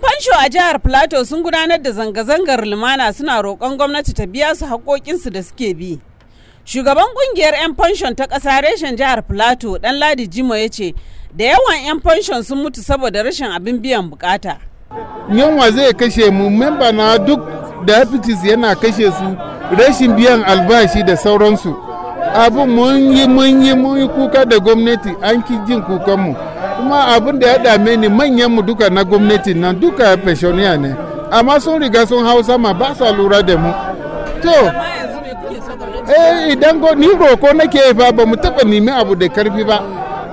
'Yan fansho a jihar Plateau sun gudanar da zanga-zangar lumana suna roƙon gwamnati ta biya su haƙoƙinsu da suke bi. Shugaban ƙungiyar 'yan fanshon ta ƙasa reshen jihar Plateau ɗan Ladi Jimo ya ce da yawan 'yan fanshon sun mutu saboda rashin abin biyan bukata. Yunwa zai kashe mu memba na duk da diabetes yana kashe su rashin biyan albashi da sauransu. Abin mun yi mun yi kuka da gwamnati an ki jin kukanmu. kuma abin da ya dame ni manyan mu duka na gwamnati nan duka pensioniya ne amma sun riga sun hau sama ba sa lura da mu to eh idan go ni roko nake fa ba mu taba nemi abu da karfi ba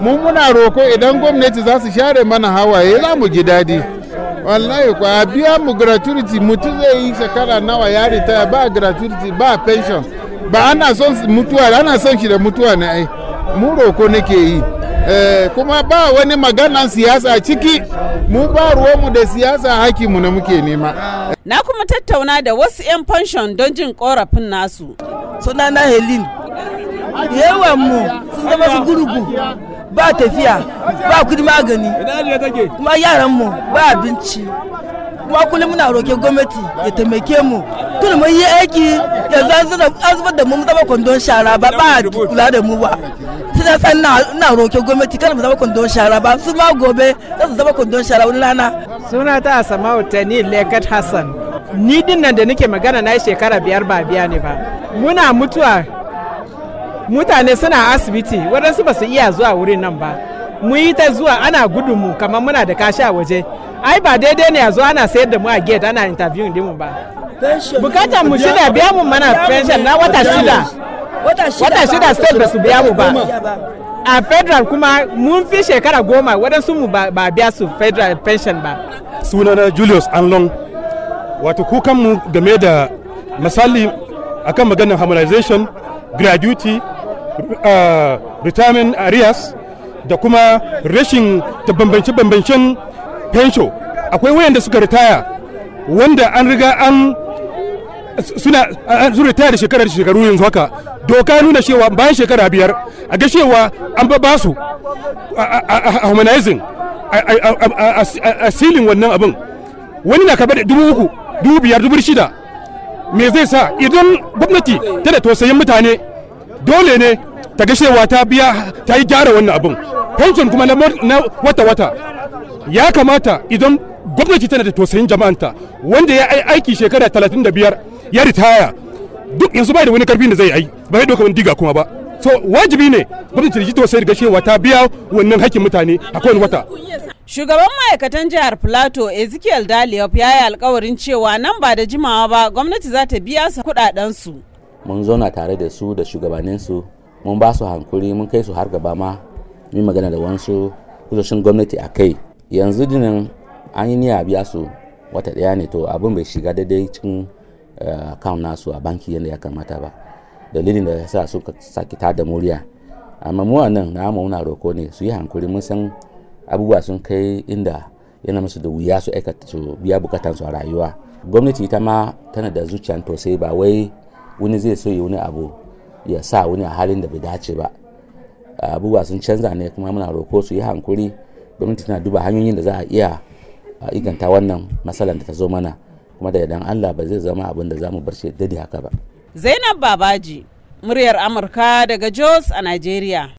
mu muna roko idan gwamnati za su share mana hawaye za mu ji dadi wallahi ko a biya mu gratuity mutum zai yi shekara nawa ya ritaya ba gratuity ba pension ba ana son mutuwa ana son shi da mutuwa ne ai mu roko nake yi eh, kuma ba wani maganan siyasa ciki mu ba ruwanmu da siyasa mu na muke nema na kuma tattauna da wasu 'yan fanshon don jin korafin nasu sunana helin yawan mu sun zama su gurgu ba tafiya ba kudi magani kuma yaran ba abinci kuma kullum muna roke gwamnati ya taimake mu tunu mun yi aiki yanzu an zuba da mun zama kwandon shara ba ba kula da mu ba su san na roke gwamnati kan mu zama kwandon shara ba su ma gobe za su zama kwandon shara wani rana suna ta asama tani lekat hassan ni din nan da nake magana na shekara biyar ba biya ne ba muna mutuwa mutane suna asibiti waɗansu ba su iya zuwa wurin nan ba mu yi ta zuwa ana gudunmu kamar muna da kashi a waje ai ba daidai ne a zo ana sayar da mu a gate ana interview din mu ba bukata mu shida biya mu mana pension na wata shida wata shida state ba su biya mu ba a federal kuma mun fi shekara goma waɗansu mu ba biya su federal pension ba sunana julius anlon wato kukan mu game da misali akan maganar harmonization gratuity uh, retirement areas da kuma rashin bambance-bambancen pension akwai wayanda suka ritaya wanda an riga an suna suna taya da shekarar shekaru yanzu haka doka nuna cewa bayan shekara biyar a ga cewa an ba su a humanizing a silin wannan abin wani na kaba da dubu uku dubu biyar dubu shida me zai sa idan gwamnati ta da tausayin mutane dole ne ta ga cewa ta biya ta yi gyara wannan abin pension kuma na wata-wata ya kamata idan gwamnati tana da tausayin jama'anta wanda ya aiki shekara biyar. ya ritaya duk yanzu bai da wani karfin da zai yi ba zai doka wani diga kuma ba so wajibi ne gwamnati ta to sai riga cewa ta biya wannan hakkin mutane a kowane wata Shugaban ma'aikatan jihar plato Ezekiel Daliop ya yi alkawarin cewa nan ba da jimawa ba gwamnati za ta biya su su. Mun zauna tare da su da shugabannin su mun ba su hankuri mun kai su har gaba ma mun magana da wasu kusoshin gwamnati a kai. Yanzu dinin an yi niyya biya su wata daya ne to abin bai shiga daidai cikin Eh, account nasu a banki yadda ya kamata ba dalilin da ya sa suka ta da murya amma mu nan na mu muna roko ne su yi hankuri mun san abubuwa sun kai inda yana musu da wuya su aikata su biya bukatan su a rayuwa gwamnati ita ma tana da zuciyar tosai ba wai wani zai so yi wani abu ya sa wani a halin da bai dace ba abubuwa sun canza ne kuma muna roko su yi hankuri gwamnati tana duba hanyoyin da za a iya inganta wannan matsalar da ta zo mana kuma da idan Allah ba zai zama abin da za mu bar shi dade haka ba. Zainab Babaji, muryar Amurka daga Jos a Najeriya.